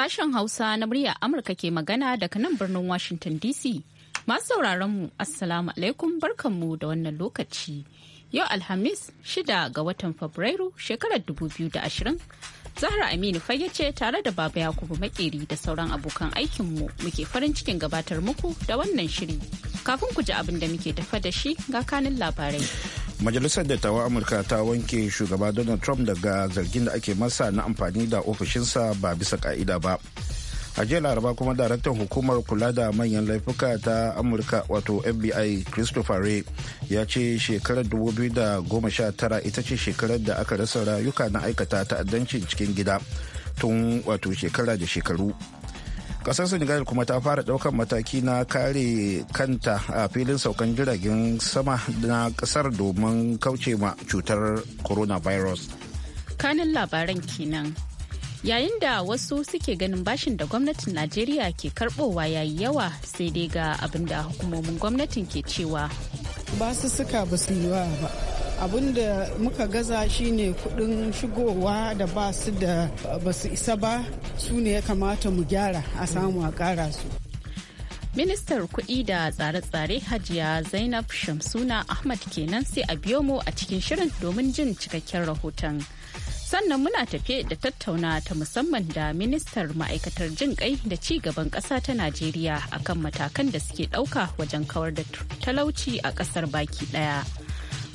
Sashen Hausa na murya Amurka ke magana daga nan birnin Washington DC. Masu sauraron mu Assalamu alaikum barkanmu da wannan lokaci. Yau Alhamis shida ga watan Fabrairu shekarar 2020 Zahra Aminu fage ce tare da Baba Yakubu Makeri da sauran abokan aikinmu muke farin cikin gabatar muku da wannan shiri. Kafin ku ji abin da muke tafa da shi ga kanin labarai. Majalisar Dattawan Amurka ta wanke shugaba Donald Trump daga zargin da ake masa na amfani da ofishinsa ba bisa ka'ida ba. a jiya laraba kuma daraktan hukumar kula da manyan laifuka ta amurka wato fbi christopher ray ya ce shekarar 2019 ita ce shekarar da aka rasa rayuka na aikata ta'addancin cikin gida tun wato shekara da shekaru kasar senegal kuma ta fara daukan mataki na kare kanta a filin saukan jiragen sama na kasar domin kauce ma cutar coronavirus kanin labaran kenan yayin da wasu suke ganin bashin da gwamnatin najeriya ke karbowa yayi yawa sai dai ga abin da hukumomin gwamnatin ke cewa basu suka ba su yiwa ba abin da muka gaza shine kudin shigowa da ba su da ba su isa ba su ne ya kamata mu gyara a samu a kara su ministar kuɗi da tsare-tsare hajiya zainab shamsuna ahmad kenan sai a biyo mu a cikin shirin domin jin cikakken rahoton. sannan muna tafe da tattauna ta musamman da ministar ma'aikatar jin kai da ci gaban ƙasa ta najeriya akan matakan da suke ɗauka wajen kawar da talauci a ƙasar baki ɗaya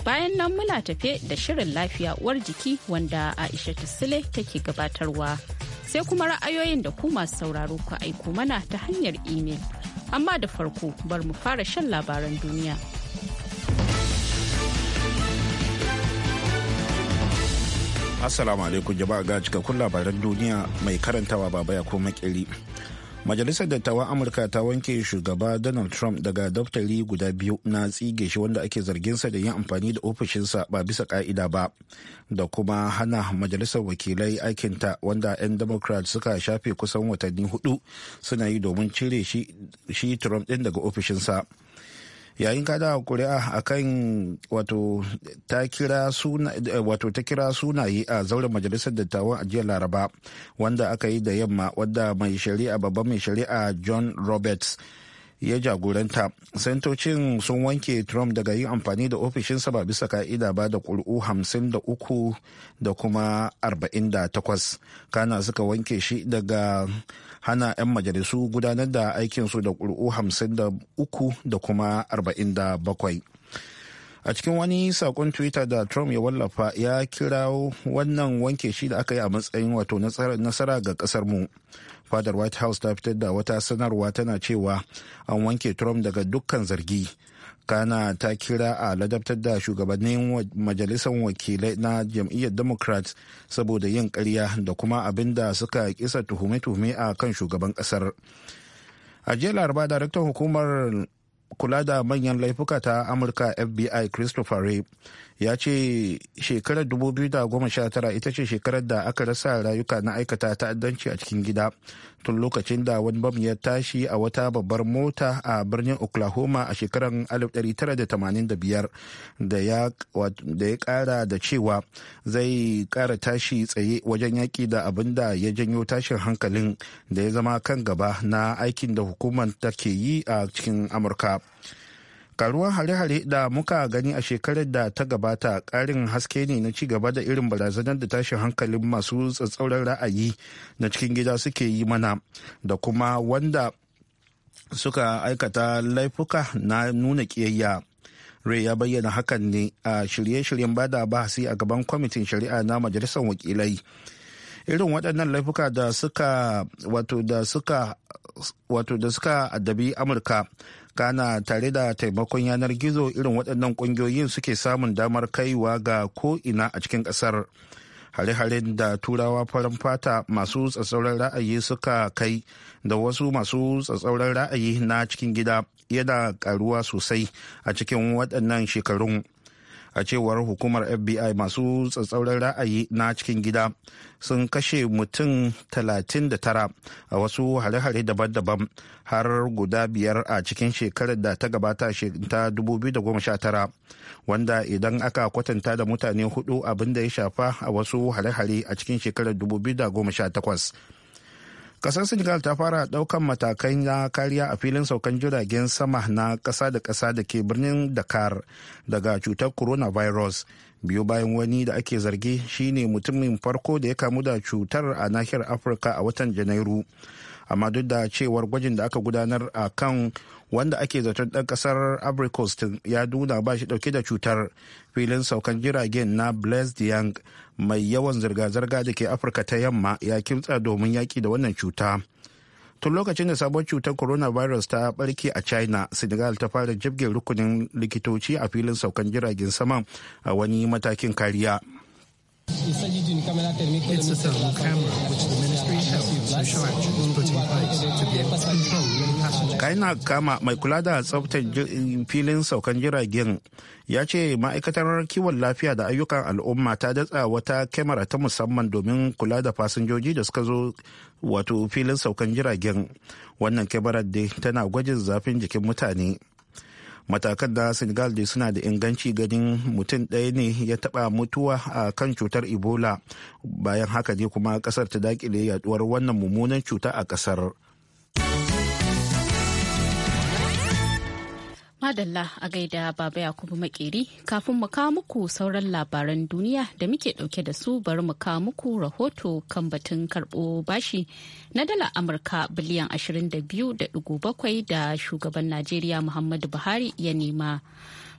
bayan nan muna tafe da shirin lafiya uwar jiki wanda aisha sule take gabatarwa sai kuma ra'ayoyin da ku masu sauraro ku aiko mana ta hanyar imel amma da farko bar mu fara shan labaran duniya. Assalamu alaikum jama'a ga cikakkun labaran duniya mai karantawa baba ya kuma makili. Majalisar Dattawan Amurka ta wanke shugaba Donald Trump daga daftari guda biyu na tsige shi wanda ake zarginsa da yin amfani da ofishinsa ba bisa ka'ida ba da kuma hana majalisar wakilai aikinta wanda 'yan Democrat suka shafe kusan watanni hudu suna yi domin cire shi Trump ɗin daga ofishinsa. yayin kada kuri'a a kan wato ta kira sunaye a zauren majalisar dattawan a laraba wanda aka yi da yamma wadda mai shari'a babban mai shari'a john roberts ya jagoranta sentocin sun wanke trump daga yin amfani da ofishinsa ba bisa ka'ida ba da ƙuri'u hamsin da uku da kuma 48 kana suka wanke shi daga hana 'yan majalisu gudanar da aikinsu da ƙuri'u 53 da kuma 47 a cikin wani sakon twitter da trump ya wallafa ya kira wannan wanke shi da aka yi a matsayin wato nasara ga kasar mu fadar white house ta fitar da wata sanarwa tana cewa an wanke trump daga dukkan zargi kana ta kira a ladabtar da shugabannin majalisar wakilai na jam'iyyar democrats saboda yin karya da kuma abin da suka kisa tuhume-tuhume a kan shugaban kasar a jiya laraba daraktan hukumar kula da manyan laifuka ta amurka fbi christopher ray ya ce shekarar 2019 ita ce shekarar da aka rasa rayuka na aikata ta'addanci a cikin gida tun lokacin da wani bam ya tashi a wata babbar mota a birnin oklahoma a shekarar 1985 da ya kara da cewa zai kara tashi tsaye wajen yaƙi da abin da ya janyo tashin hankalin da ya zama kan gaba na aikin da hukumar take yi a cikin amurka. karuwar hare-hare da muka gani a shekarar da ta gabata karin haske ne na ci gaba da irin barazanar da tashin hankalin masu tsatsauran ra'ayi na cikin gida suke yi mana da kuma wanda suka aikata laifuka na nuna kiyayya rai ya bayyana hakan ne a shirye-shiryen bada bahasi a gaban kwamitin shari'a na majalisar wakilai irin waɗannan laifuka da suka wato da suka wato da suka addabi amurka kana tare da taimakon yanar gizo irin waɗannan ƙungiyoyin suke samun damar kaiwa ga ko'ina a cikin ƙasar hare-haren da turawa farin fata masu tsatsauran ra'ayi suka kai da wasu masu tsatsauran ra'ayi na cikin gida yana karuwa sosai a cikin waɗannan shekarun a cewar hukumar fbi masu tsatsauran ra'ayi na cikin gida sun kashe mutum 39 a wasu hare-hare daban-daban har guda biyar a cikin shekarar da ta gabata ta 2019 wanda idan aka kwatanta da mutane hudu abin da ya shafa a wasu hare-hare a cikin shekarar 2018 kasar senegal ta fara daukan matakan na kariya a filin saukan jiragen sama na kasa da kasa da ke birnin dakar daga cutar coronavirus biyu bayan wani da ake zargi shine mutumin farko da ya kamu da cutar a nahiyar afirka a watan janairu amma duk da cewar gwajin da aka gudanar a kan wanda ake zaton ɗan ƙasar coast ya nuna ba shi ɗauke da cutar filin saukan jiragen na blaise young mai yawan zirga-zirga da ke afirka ta yamma ya kimtsa domin yaƙi da wannan cuta tun lokacin da sabon cutar coronavirus ta barke a china senegal ta fara jibge rukunin likitoci a filin saukan jiragen saman a wani matakin kariya It's a thermal camera which the ministry health and social is put in place to be able to control passengers. Kaina kama mai kula da tsaftar filin saukan jiragen ya ce ma'aikatar kiwon lafiya da ayyukan al'umma ta datsa wata kyamara ta musamman domin kula da fasinjoji da suka zo wato filin saukan jiragen wannan kyamarar dai tana gwajin zafin jikin mutane. matakan da senegal dai suna da inganci ganin mutum ɗaya ne ya taɓa mutuwa a kan cutar ebola bayan haka ne kuma ƙasar ta dakile yaduwar wannan mummunan cuta a ƙasar Madalla a gaida Baba Yakubu Makeri kafin mu kawo muku sauran labaran duniya da muke dauke da su bari mu kawo muku rahoto kan batun karbo bashi na dala Amurka biliyan 22.7 da shugaban Najeriya Muhammadu Buhari ya nema.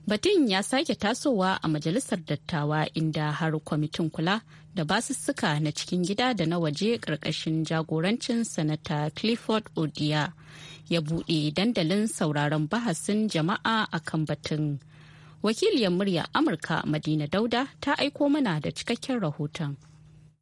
Batun ya sake tasowa a Majalisar Dattawa inda har kwamitin kula da basussuka na cikin gida da na waje ƙarƙashin jagorancin Sanata Clifford Odia. ya buɗe dandalin sauraron bahasin jama'a a kan batun. Wakiliyar murya Amurka Madina Dauda ta aiko mana da cikakken rahoton.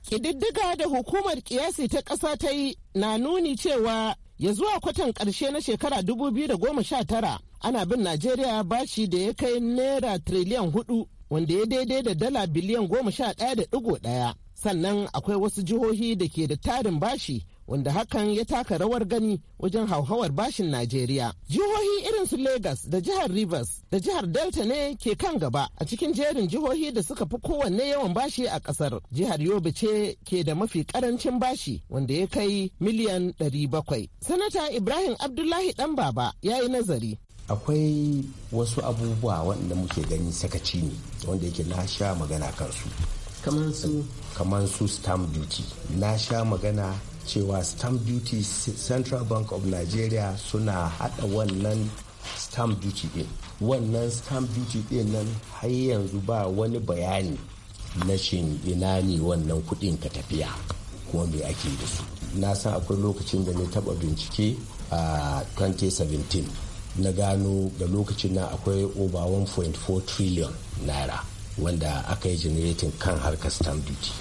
Kididdiga da hukumar kiyasi ta ƙasa ta yi na nuni cewa ya zuwa kwatan ƙarshe na shekara 2019 ana bin Najeriya bashi da ya kai naira triliyan hudu wanda ya daidai da dala biliyan goma sha da ɗigo ɗaya. Sannan akwai wasu jihohi da ke da tarin bashi wanda hakan ya taka rawar gani wajen hauhawar bashin Najeriya. Jihohi irin su Legas da jihar Rivers da jihar Delta ne ke kan gaba a cikin jerin jihohi da suka fi kowanne yawan bashi a kasar. Jihar Yobe ce ke da mafi karancin bashi wanda ya kai miliyan 700. Sanata Ibrahim Abdullahi Dan Baba ya yi nazari. Akwai wasu abubuwa wanda muke gani sakaci ne wanda yake na sha magana kansu. Kamar su? Kamar su stamp duty. Na sha magana cewa stamp duty central bank of nigeria suna hada wannan stamp duty din wannan stamp duty din nan har yanzu ba wani bayani na shin ina ne wannan kudin ka tafiya kuma me ake da su na san akwai lokacin da na taba bincike a 2017 na gano da lokacin na akwai over 1.4 trillion naira wanda aka yi generating kan harkar stamp duty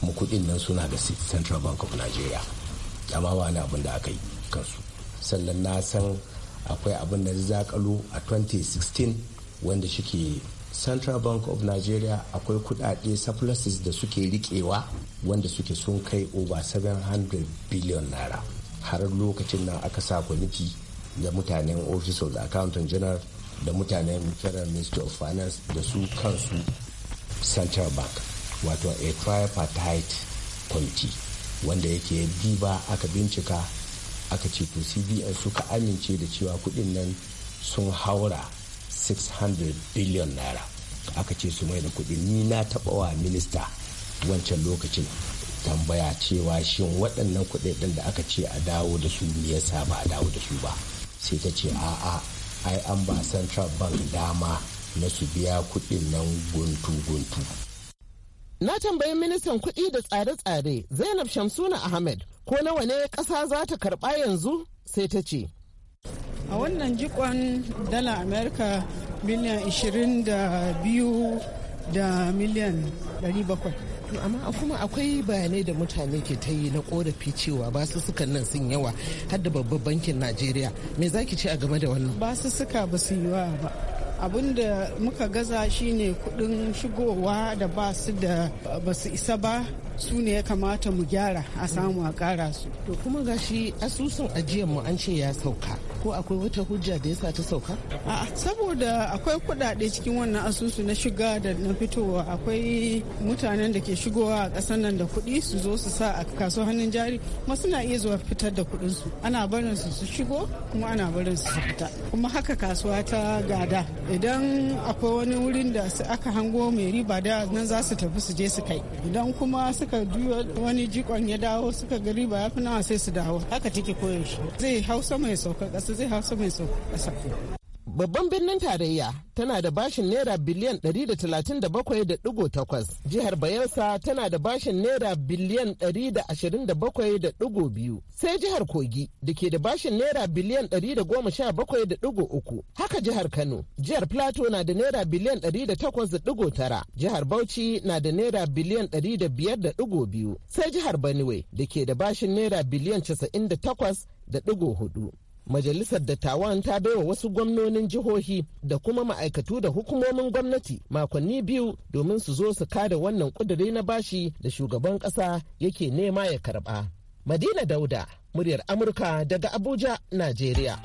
kuma kuɗin nan suna da central bank of nigeria amma ba wani abin da aka yi kansu sannan na san akwai abin da zakalo a 2016 wanda shike central bank of nigeria akwai kudade surpluses da suke rikewa wanda suke sun kai over 700 billion naira har lokacin nan aka sa kwamiti da mutanen office of the accountant general da mutanen federal minister of finance da su kansu central bank wato a tripartite committee wanda yake diba aka bincika aka ce to cbn suka amince da cewa kudin nan sun haura 600 billion naira aka ce su mai da kudin ni na taba wa minista wancan lokacin tambaya cewa shin waɗannan kudaden da aka ce a dawo da su me yasa ba a dawo da su ba sai ta ce a'a ai an ba central bank dama na su biya kudin nan guntu-guntu Na tambayi ministan kuɗi da tsare-tsare Zainab Shamsuna Ahmed ko nawa ne ƙasa za ta karɓa yanzu sai ta ce. A wannan jikon dala Amerika miliyan 22 da miliyan 700. amma kuma akwai bayanai da mutane ke ta yi na korafi cewa suka nan sun yawa har da babban bankin najeriya me za ki ce a game da wannan suka ba su yi wa ba abin da muka gaza shine kudin shigowa da ba su da ba su isa ba su ne ya kamata mu gyara a samu a kara su to kuma gashi asusun ajiyar mu an ce ya sauka ko akwai wata hujja da yasa ta sauka? A'a saboda akwai kuɗaɗe cikin wannan asusu na shiga da na fitowa akwai mutanen da ke shigowa a ƙasar nan da kuɗi su zo su sa a kaso hannun jari kuma suna iya zuwa fitar da kuɗin su ana barin su su shigo kuma ana barin su su fita kuma haka kasuwa ta gada idan akwai wani wurin da aka hango mai riba da nan za su tafi su je su kai idan kuma suka wani jikon ya dawo suka ga riba ya fi nawa sai su dawo haka take koyaushe zai hau sama saukar sauka zai hau sama ya sauko. Babban birnin tarayya tana da bashin naira biliyan 137.8. Jihar Bayelsa tana da bashin naira biliyan 127.2. Sai jihar Kogi da ke da bashin naira biliyan 117.3. Haka jihar Kano, jihar Plateau na da naira biliyan 108.9. Jihar Bauchi na da naira biliyan 105.2. Sai jihar Benue da ke da bashin naira biliyan 98.4. majalisar dattawan ta baiwa wasu gwamnonin jihohi da kuma ma'aikatu da hukumomin gwamnati makonni biyu domin su zo su kada wannan kuduri na bashi da shugaban ƙasa yake nema ya karba. Madina Dauda, muryar Amurka daga Abuja, Najeriya.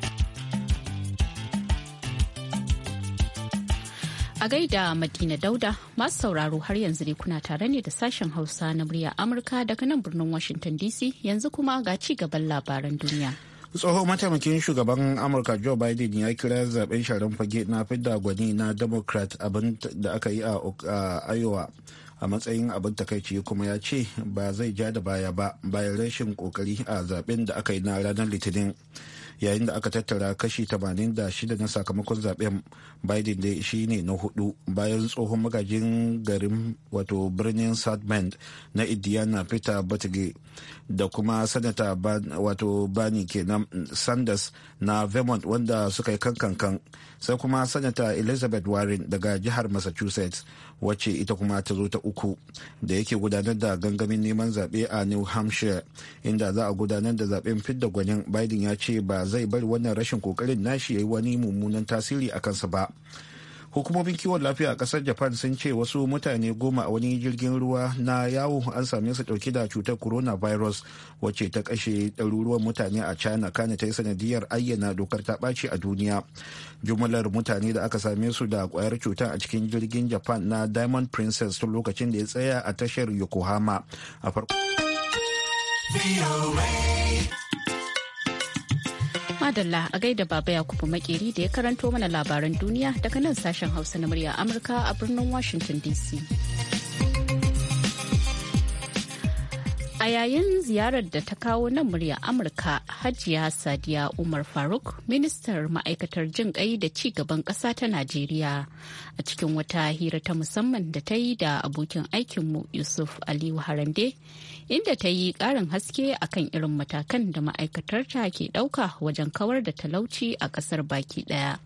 A gaida Madina Dauda masu sauraro har yanzu ne kuna tare ne da sashen Hausa na murya Amurka daga nan birnin Washington DC yanzu kuma ga ci gaban labaran duniya. tsohon mataimakin shugaban amurka joe biden ya kira zaben sharan fage na fidda gwani na democrat abin da aka yi a iowa a matsayin abin takaici kuma ya ce ba zai ja da baya ba bayan rashin kokari a zaben da aka yi na ranar litinin yayin da aka tattara kashi 86 na sakamakon zaben biden da shi ne na hudu bayan tsohon magajin garin wato birnin south bend na indiana peter batige da kuma sanata wato bani kenan sanders na vermont wanda suka yi kankankan sai kuma sanata elizabeth warren daga jihar massachusetts wacce ita kuma ta zo ta uku da yake gudanar da gangamin neman zaɓe a new hampshire inda za a gudanar da zaɓen fidda gwanin biden ya ce ba zai bari wannan rashin kokarin nashi ya yi wani mummunan tasiri a kansa ba hukumomin kiwon lafiya a kasar japan sun ce wasu mutane goma a wani jirgin ruwa na yawo an same su dauke da cutar coronavirus wacce ta kashe ɗaruruwan mutane a china kana ta yi sanadiyar ayyana dokar ta ɓaci a duniya jumlar mutane da aka same su da kwayar cutar a cikin jirgin japan na diamond princess tun lokacin da ya tsaya a tashar yokohama a farko Madalla a gaida baba Yakubu makeri da ya karanto mana labaran duniya daga nan sashen Hausa na murya Amurka a birnin Washington DC. A yayin ziyarar da ta kawo nan murya Amurka, Hajiya Sadiya Umar Faruk, ministar ma'aikatar jin ƙai da ci gaban ƙasa ta Najeriya, a cikin wata hira ta musamman da ta yi da abokin aikinmu Yusuf Aliyu Harande, inda ta yi karin haske akan irin matakan da ma'aikatarta ke ɗauka wajen kawar da talauci a kasar baki ɗaya.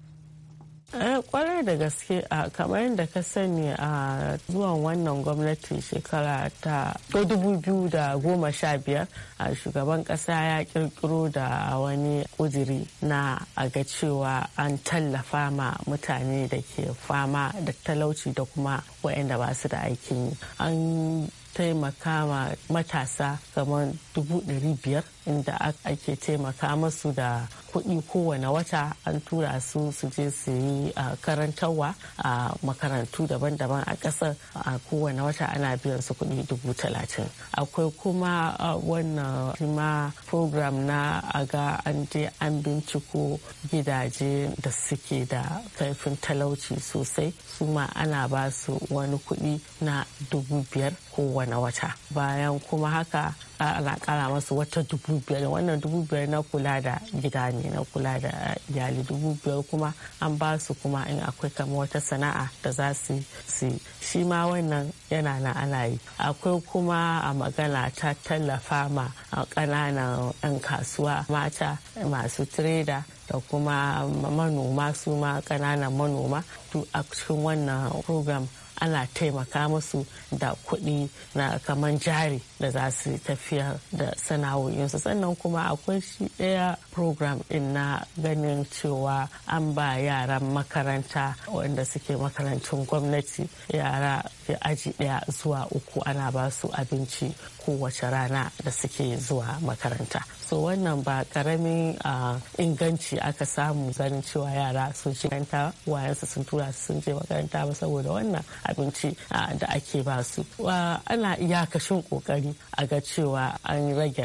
kwarar eh, da gaske a kamar yadda ka sani a zuwan wannan gwamnati shekara ta 2015 a shugaban kasa ya kirkiro da wani kudiri na a ga cewa an tallafa ma mutane da ke fama da talauci da kuma waɗanda ba su da aikin yi an taimakawa matasa kamar dubu ɗari biyar inda ake taimaka masu da kuɗi kowane wata an tura su su je su yi karantarwa a makarantu daban-daban a ƙasar a kowane wata ana biyan su kuɗi dubu talatin akwai kuma wannan jima program na aga an je an binciko gidaje da suke da kaifin talauci sosai su ma ana ba su wani kuɗi na dubu biyar kowane wata bayan kuma haka ana kara masu wata dubu biyar wannan dubu biyar na kula da gida ne na kula da iyali dubu biyar kuma an ba su kuma in akwai kama wata sana'a da za su yi shi ma wannan yana na ana yi akwai kuma a magana ta tallafa ma ƙananan 'yan kasuwa mata masu tireda da kuma manoma su ma ƙananan manoma a cikin wannan program ana taimaka musu da kuɗi na kamar jari da za su tafiya da sana'o'insu sannan kuma akwai shi ɗaya program ɗin na ganin cewa an ba yaran makaranta wanda suke makarantun gwamnati yara aji ɗaya zuwa uku ana ba su abinci kowace rana da suke zuwa makaranta so wannan ba karamin ah, inganci aka samu ganin cewa yara sun ganta wayansu sun tura su sun je makaranta ba saboda wannan abinci ah, da ake ba su ah, ana iyakashin kokari a ga cewa an rage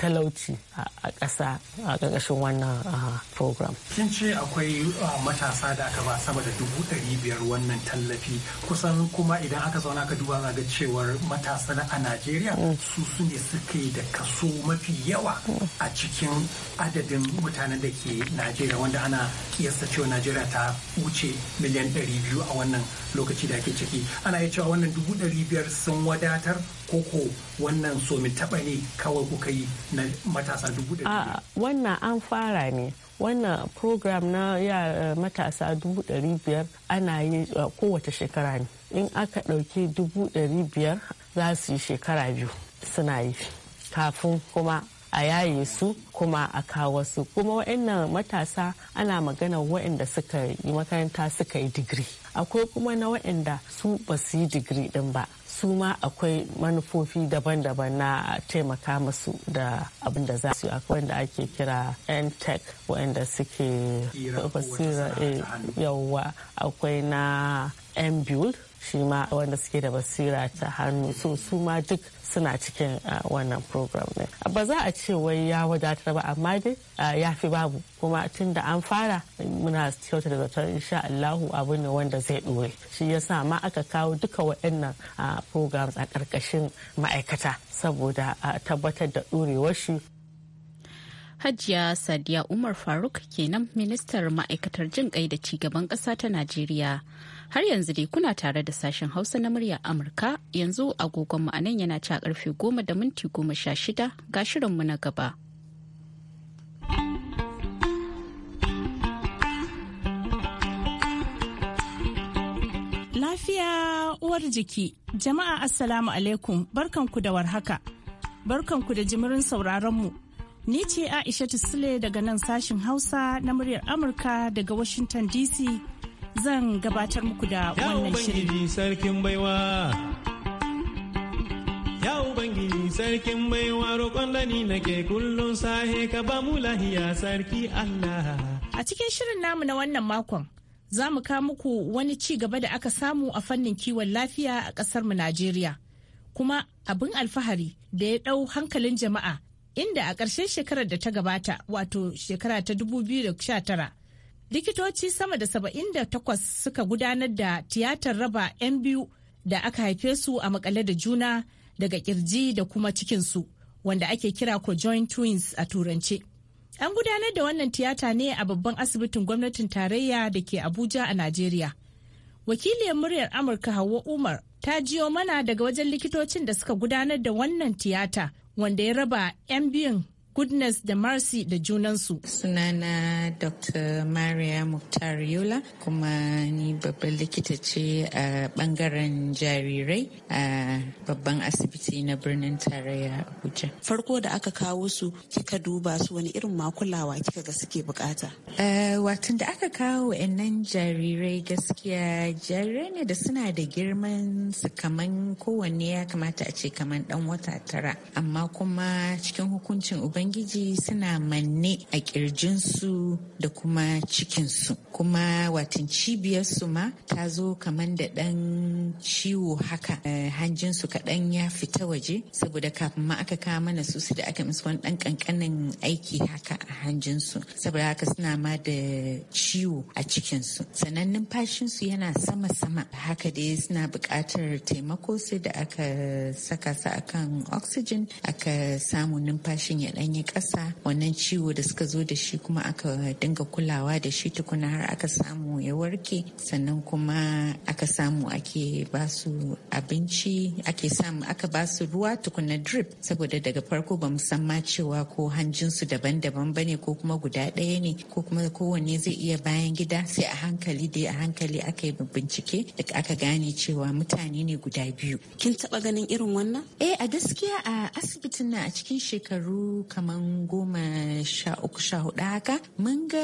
talauci a ƙasa a ƙarƙashin wannan program. Kin ce akwai matasa da aka ba sama da dubu ɗari biyar wannan tallafi kusan kuma idan aka zauna ka duba za ga cewar matasa a Najeriya mm. su su ne suke da kaso mafi yawa a cikin adadin mutanen da ke Najeriya wanda ana kiyasta cewa Najeriya ta wuce miliyan ɗari biyu a wannan lokaci da ake ciki ana iya cewa wannan dubu ɗari biyar sun wadatar koko wannan so mai taɓa ne kawai kuka yi na matasa dubu da a ah, wannan an fara ne wannan program na ya eh, matasa dubu dari biyar ana yi eh, kowace shekara ne in aka ɗauki dubu dari biyar za su yi shekara biyu suna yi kafin kuma a yaye su kuma a kawo su kuma wa'annan matasa ana magana wa'anda suka yi makaranta suka yi digiri akwai kuma na wa'anda su ba su yi digiri din ba su ma akwai manufofi daban-daban na taimaka musu da abin da za su akwai wanda ake kira tech wa'anda suke basira eh, yawwa akwai na mbul shi ma wanda suke da basira ta hannu so su ma duk suna cikin uh, wannan program ne ba za a ce wai ya wadatar ba amma dai uh, ya fi babu kuma tun da an fara muna kyauta da zaton insha Allahu abu ne wanda zai ɗore shi yasa ma aka kawo duka waɗannan uh, programs a ƙarƙashin ma'aikata saboda tabbatar da ɗorewar shi Hajiya Sadiya Umar Faruk kenan ministar ma'aikatar jin kai da cigaban ƙasa ta Najeriya. Har yanzu dai kuna tare da sashen Hausa na murya Amurka yanzu agogon mu anan yana ci a karfe goma da minti goma sha shida ga shirinmu na gaba. Lafiya uwar jiki, jama'a Assalamu alaikum barkanku da warhaka, barkanku da jimirin sauraronmu. Ni ce Aisha Sule daga nan sashin Hausa na muryar Amurka daga Washington DC. zan gabatar muku da wannan shirin. sarkin baiwa. sarkin baiwa roƙon da ni ke kullum sahe ka ba mu lahiya sarki Allah. A cikin shirin namu na wannan makon, za mu kawo muku wani ci gaba da aka samu a fannin kiwon lafiya a ƙasarmu Najeriya. Kuma abin alfahari da ya ɗau hankalin jama'a inda a ƙarshen shekarar da ta gabata wato shekara ta 2019 likitoci sama da saba'in da 78 suka gudanar da tiyatar raba 'yan biyu da aka haife su a makale da juna daga kirji da kuma cikinsu wanda ake kira ko joint twins a turance an gudanar da wannan tiyata ne a babban asibitin gwamnatin tarayya da ke abuja a najeriya wakiliyar muryar amurka hawa umar ta jiyo mana daga wajen likitocin da suka gudanar da wannan tiyata wanda ya raba 'yan biyun Goodness da Mercy da junansu. Sunana Dr. Maria Muktar Yola kuma ni babban likita ce a bangaren jarirai a babban asibiti na birnin tarayya Abuja. Farko da aka kawo su kika duba su wani irin makulawa kika ga suke bukata? Watan da aka kawo wa'annan jarirai gaskiya jarirai ne da suna da girman su kaman kowanne ya kamata a ce kaman dan wata tara amma kuma cikin hukuncin uban ubangiji suna manne a kirjinsu da kuma cikinsu kuma watan cibiyarsu ma ta zo kamar da ɗan ciwo haka eh, hanjinsu kaɗan ya fita waje saboda kafin ma aka kawo mana su da aka musu wani ɗan ƙanƙanin aiki haka a hanjinsu saboda haka suna ma da ciwo a cikinsu sannan numfashinsu yana sama-sama haka dai suna buƙatar taimako sai da aka saka su akan oxygen aka samu numfashin ya ɗan ganye ƙasa wannan ciwo da suka zo da shi kuma aka dinga kulawa da shi tukuna har aka samu ya warke sannan kuma aka samu ake su abinci ake samu aka basu ruwa tukuna drip saboda daga farko ba san ma cewa ko hanjinsu daban-daban ba ne ko kuma guda ɗaya ne ko kuma kowanne zai iya bayan gida sai a hankali dai a hankali aka yi bincike da aka gane cewa mutane ne guda biyu. Kin taɓa ganin irin wannan? Eh a gaskiya a asibitin na a cikin shekaru kamar kaman goma sha uku sha hudu haka mun ga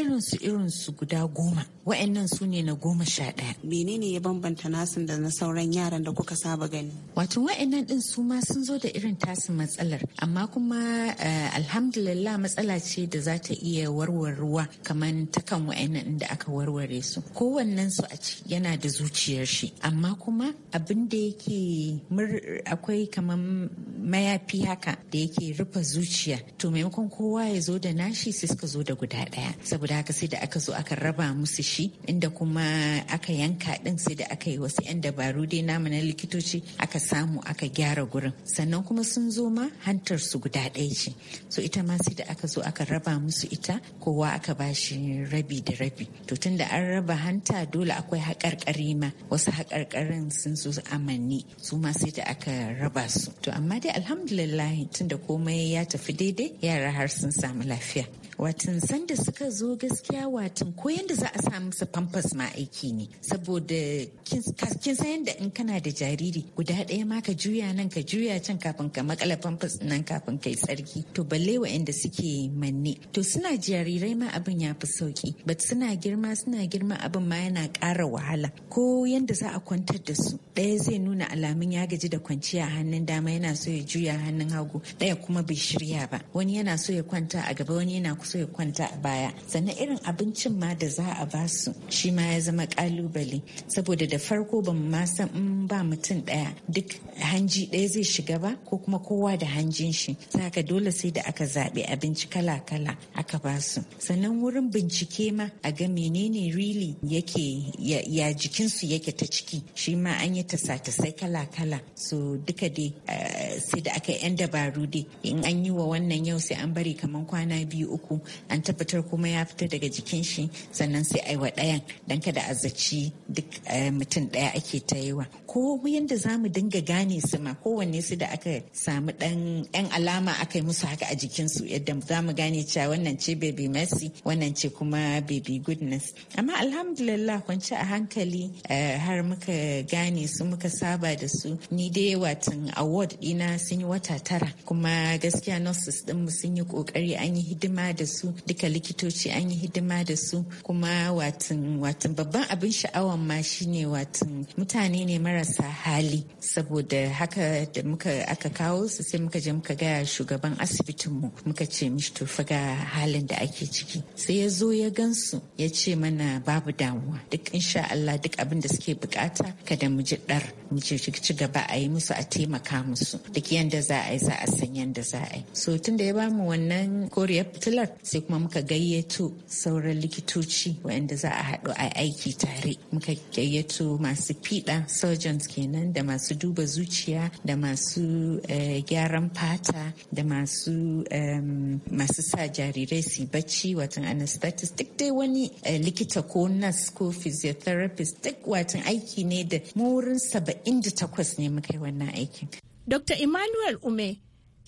irinsu irinsu guda goma wa'annan su ne na goma sha ɗaya. menene ya bambanta nasin da na sauran yaran da kuka saba gani wato wa'annan din su ma sun zo da irin tasin matsalar amma kuma eh, alhamdulillah matsala ce da za ta iya warwarwa kamar takan wa'annan da aka warware su kowannen su a ci yana da zuciyar shi amma kuma abin da yake akwai kamar mayafi haka da yake rufe zuciya zuciya to maimakon kowa ya zo da nashi sai suka zo da guda ɗaya saboda haka sai da aka zo aka raba musu shi inda kuma aka yanka din sai da aka yi wasu 'yan dabaru dai namu na likitoci aka samu aka gyara gurin sannan kuma sun zo ma hantar su guda ɗaya ce so ita ma sai da aka zo aka raba musu ita kowa aka ba shi rabi da rabi to tunda an raba hanta dole akwai haƙarƙari ma wasu haƙarƙarin sun zo amanni su ma sai da aka raba su to amma dai alhamdulillah tunda komai ya tafi daidai yara har sun samu lafiya watan sanda suka zo gaskiya watan ko yanda za a sa musu pampers ma aiki ne saboda kin san yanda in kana da jariri guda ɗaya ma ka juya nan ka juya can kafin ka makala pampers nan kafin ka yi tsarki to balle wa'anda suke manne to suna jarirai ma abin ya fi sauki but suna girma suna girma abin ma yana ƙara wahala ko yadda za a kwantar da su ɗaya zai nuna alamun ya gaji da kwanciya hannun dama yana so ya juya hannun hagu ɗaya kuma bai shirya ba wani yana so ya kwanta a gaba wani yana kusa so ya kwanta a baya sannan irin abincin ma da za a ba su shi ma ya zama kalubale saboda da farko ba mu ma san in ba mutum daya duk hanji daya zai shiga ba ko kuma kowa da hanjin shi saka dole sai da aka zaɓi abinci kala-kala aka ba su sannan wurin bincike ma a ga menene really yake ya jikinsu yake ta ciki shi ma an yi tasa-tasai kala-kala so duka dai eh, sai da aka yan dabaru dai in an yi wa wannan yau sai an bari kamar kwana biyu uku uku an tabbatar kuma ya fita daga jikin shi sannan sai a yi wa ɗayan don kada a zaci duk eh, mutum ɗaya ake ta yi wa ko yadda za mu dinga gane su ma kowanne su da aka samu ɗan yan alama aka yi musu haka a jikin su yadda za mu gane cewa wannan ce baby mercy wannan ce kuma baby goodness amma alhamdulillah kwanci a hankali eh, har muka gane su muka saba da su ni dai watan award ɗina sun yi wata tara kuma gaskiya nurses ɗinmu sun yi ƙoƙari an yi hidima da. da su duka likitoci an yi hidima da su kuma watan watan babban abin sha'awan ma shine watan mutane ne marasa hali saboda haka da muka aka kawo su sai muka je muka gaya shugaban asibitin mu muka ce mishi to ga halin da ake ciki sai ya zo ya gansu ya ce mana babu damuwa duk insha Allah duk abin da suke bukata kada mu ji dar mu ci gaba a yi musu a taimaka musu duk yanda za a yi za a san yanda za a yi so tunda da ya bamu wannan koriyar fitilar sai kuma muka gayyato sauran likitoci waɗanda za a haɗu a aiki tare muka gayyato masu fiɗa surgeons kenan da masu duba zuciya da masu eh, gyaran fata da masu masu sa jarirai su bacci watan anesthetist duk dai wani eh, likita ko nas ko physiotherapist duk watan aiki ne da mu wurin saba'in da takwas ne muka yi wannan aikin. Dr. Emmanuel Ume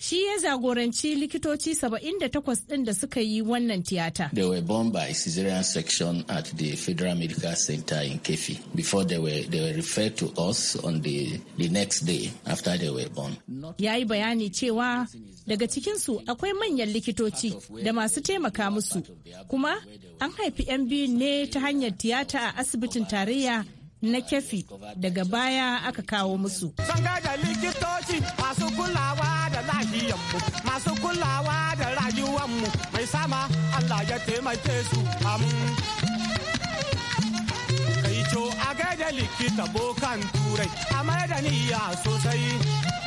Shi ya zagoranci likitoci 78 ɗin da suka yi wannan tiyata. They were born by Caesarean section at the Federal Medical Center in Kefi before they were, they were referred to us on the, the next day after they were born. Ya yi bayani cewa daga cikinsu akwai manyan likitoci da masu taimaka musu kuma an haifi 'yan biyu ne ta hanyar tiyata a asibitin tarayya na kefi daga baya aka kawo musu. da likitoci masu kulawa da lahiyanmu masu kulawa da rayuwanmu mai sama Allah ya taimake su Kai co a gaida likita bokan turai a da niyya sosai.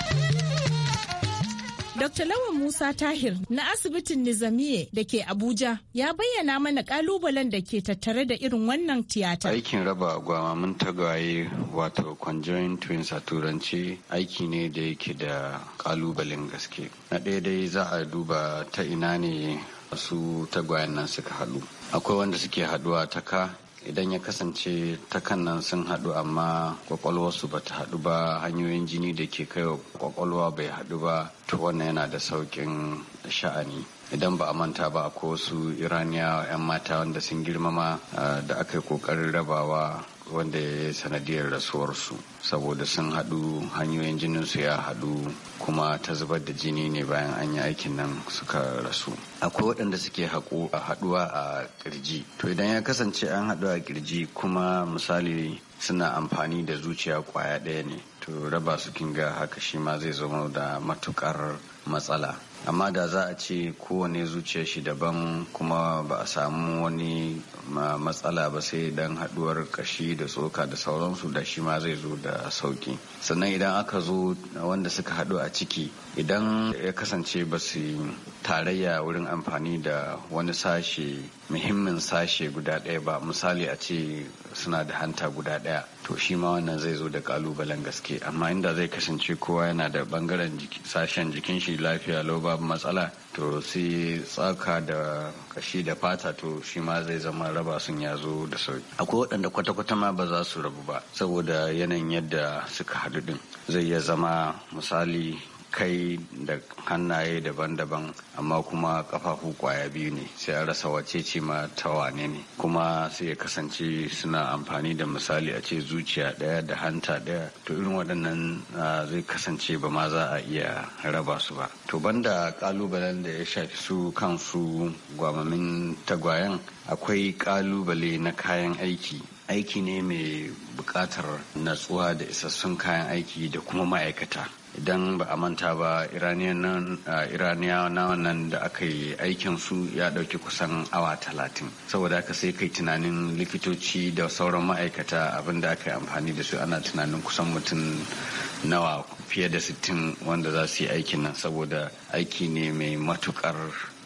Dr. Lawan Musa Tahir na asibitin Nizamiye da ke Abuja ya bayyana mana kalubalen da ke tattare da irin wannan tiyata. Aikin raba gwamamin tagaye wato conjoined twins a turanci aiki ne da yake da kalubalen gaske. Na ɗaya dai za a duba ta ina ne su tagwayen nan suka haɗu. Akwai wanda suke haɗuwa ta ka idan ya kasance ta kan nan sun haɗu amma kwakwalwarsu ba ta haɗu ba hanyoyin jini da ke kai kwakwalwa bai haɗu ba to wannan yana da sauƙin sha'ani idan ba a manta ba ko su iraniya 'yan mata wanda sun girmama eh, da aka yi ƙoƙarin rabawa wanda ya yi sanadiyar rasuwarsu saboda sun haɗu hanyoyin jininsu ya haɗu kuma ta zubar da jini ne bayan an yi aikin nan suka rasu akwai waɗanda suke a haƙo haɗuwa a kirji to idan ya kasance an haɗu a kirji kuma misali suna amfani da zuciya kwaya ɗaya ne to raba su kinga haka shi ma zai zama da matukar matsala amma da za a ce kowane zuciya shi daban kuma ba a samu wani matsala ba sai dan haduwar kashi da tsoka da sauransu da shi ma zai zo da sauki sannan idan aka zo wanda suka hadu a ciki idan ya kasance ba su tarayya wurin amfani da wani sashe muhimmin sashe guda ɗaya ba misali a ce suna da hanta guda ɗaya to shi ma wannan zai zo da kalubalen gaske amma inda zai kasance kowa yana da bangaren sashen jikin shi lafiya lau babu matsala to sai tsaka da kashi da fata to shi ma zai zama raba sun ya zo da sauki akwai waɗanda kwata-kwata ma ba za su rabu ba saboda yanayin yadda suka haɗu din zai iya zama misali kai da hannaye daban-daban amma kuma kafafu kwaya biyu ne sai a rasa wace ce ma ta wane ne kuma sai ya kasance suna amfani da misali a ce zuciya ɗaya da hanta ɗaya to irin waɗannan zai kasance ba ma za a iya raba su ba to banda kalubalen da ya shafi su kansu gwamamin tagwayen akwai kalubale na kayan aiki aiki ne mai buƙatar natsuwa da isassun kayan aiki da kuma ma'aikata idan ba a manta ba iraniya na wannan da aka yi aikin su ya dauki kusan awa talatin saboda haka sai kai tunanin likitoci da sauran ma'aikata abin da aka yi amfani da su ana tunanin kusan mutum nawa fiye da sittin wanda za su yi aikin nan saboda aiki ne mai matukar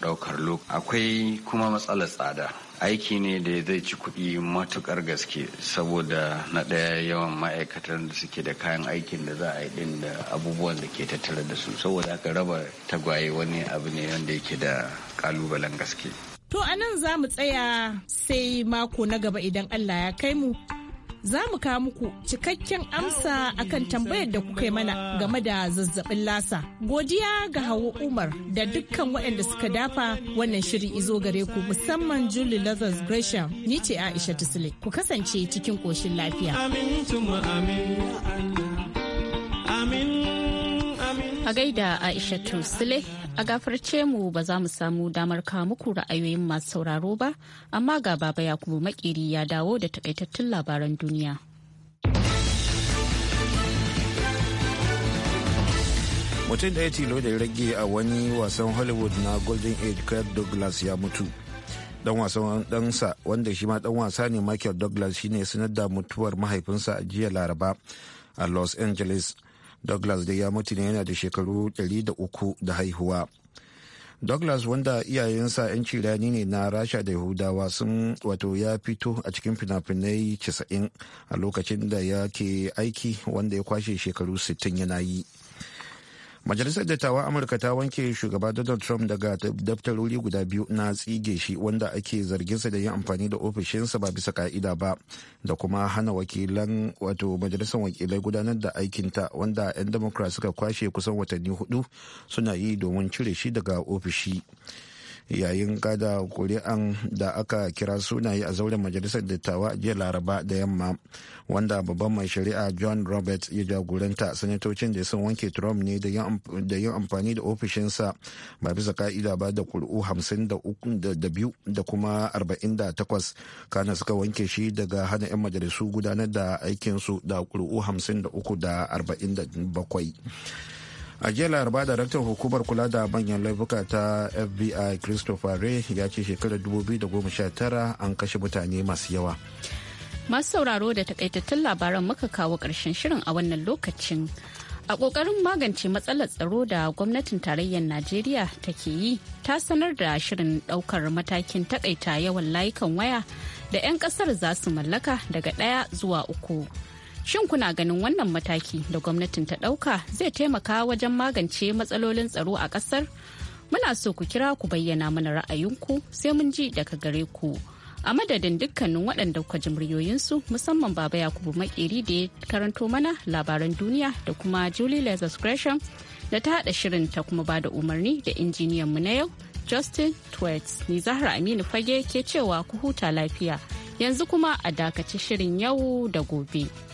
daukar lokaci akwai kuma matsalar tsada aiki ne da zai ci kuɗi matuƙar gaske saboda na ɗaya yawan ma'aikatan da suke da kayan aikin da za a yi ɗin da abubuwan da ke tattare da su saboda aka raba tagwaye wani abu ne wanda yake da ƙalubalen gaske. To a nan za mu tsaya sai mako na gaba idan Allah ya kai mu za mu kawo muku cikakken amsa akan tambayar da kuka yi mana game da zazzabin lasa. Godiya ga Hawa Umar da dukkan waɗanda suka dafa wannan shiri izo gare ku musamman Julie Lazarus Gresham ni ce Aisha Tisle. Ku kasance cikin ƙoshin lafiya. Amin, amin. A gaida aisha tusile a gafarce mu ba za mu samu damar kawo muku ra'ayoyin masu sauraro ba, amma ga baba ya kuma makeri ya dawo da takaitattun labaran duniya. Mutum da ya tilo da rage a wani wasan Hollywood na Golden Age Craig Douglas ya mutu. dan wasan ɗansa wanda shi ma dan wasa ne Michael Douglas shine sanar da mutuwar mahaifinsa a jiya Laraba a Los Angeles. douglas da ya mutu ne yana da shekaru 103 da haihuwa douglas wanda iyayensa 'yan cirani ne na rasha da yahudawa sun wato ya fito a cikin fina-finai 90 a lokacin da ya ke aiki wanda ya kwashe shekaru 60 yana yi majalisar dattawa amurka ta wanke shugaba donald trump daga daftarori guda biyu na tsige shi wanda ake zarginsa da yin amfani da ofishinsa ba bisa ka'ida ba da kuma hana wakilan wato majalisar wakilai gudanar da aikinta wanda 'yan democrat suka kwashe kusan watanni hudu suna yi domin cire shi daga ofishi. yayin kada kuri'an da aka kira sunaye a zauren majalisar dattawa a jiya laraba da yamma wanda babban mai shari'a john roberts ya jagoranta sanatocin da sun wanke trump ne da yin amfani da ofishinsa ba bisa ka'ida ba da kuri'u hamsin da biyu da kuma arba'in da takwas kana suka wanke shi daga hana 'yan majalisu gudanar da aikinsu da kuri'u hamsin da uku da arba'in da bakwai a jiya laraba daraktan hukumar kula da manyan laifuka ta fbi christopher ray ya ce shekarar 2019 an kashe mutane masu yawa masu sauraro da takaitattun labaran muka kawo karshen shirin a wannan lokacin a kokarin magance matsalar tsaro da gwamnatin tarayyar najeriya take yi ta sanar da shirin daukar matakin takaita yawan layukan waya da 'yan kasar za su mallaka daga ɗaya zuwa uku. Shin kuna ganin wannan mataki da gwamnatin ta ɗauka zai taimaka wajen magance matsalolin tsaro a ƙasar? Muna so ku kira ku bayyana mana ra'ayinku sai mun ji daga gare ku. A madadin dukkanin waɗanda kwa muryoyinsu musamman Baba Yakubu Makeri da ya karanto mana labaran duniya da kuma Julie Lazarus Gresham da ta haɗa shirin ta kuma ba da umarni da injiniyan mu na yau Justin Twerts. Ni Zahra Aminu Fage ke cewa ku huta lafiya. Yanzu kuma a dakaci shirin yau da gobe.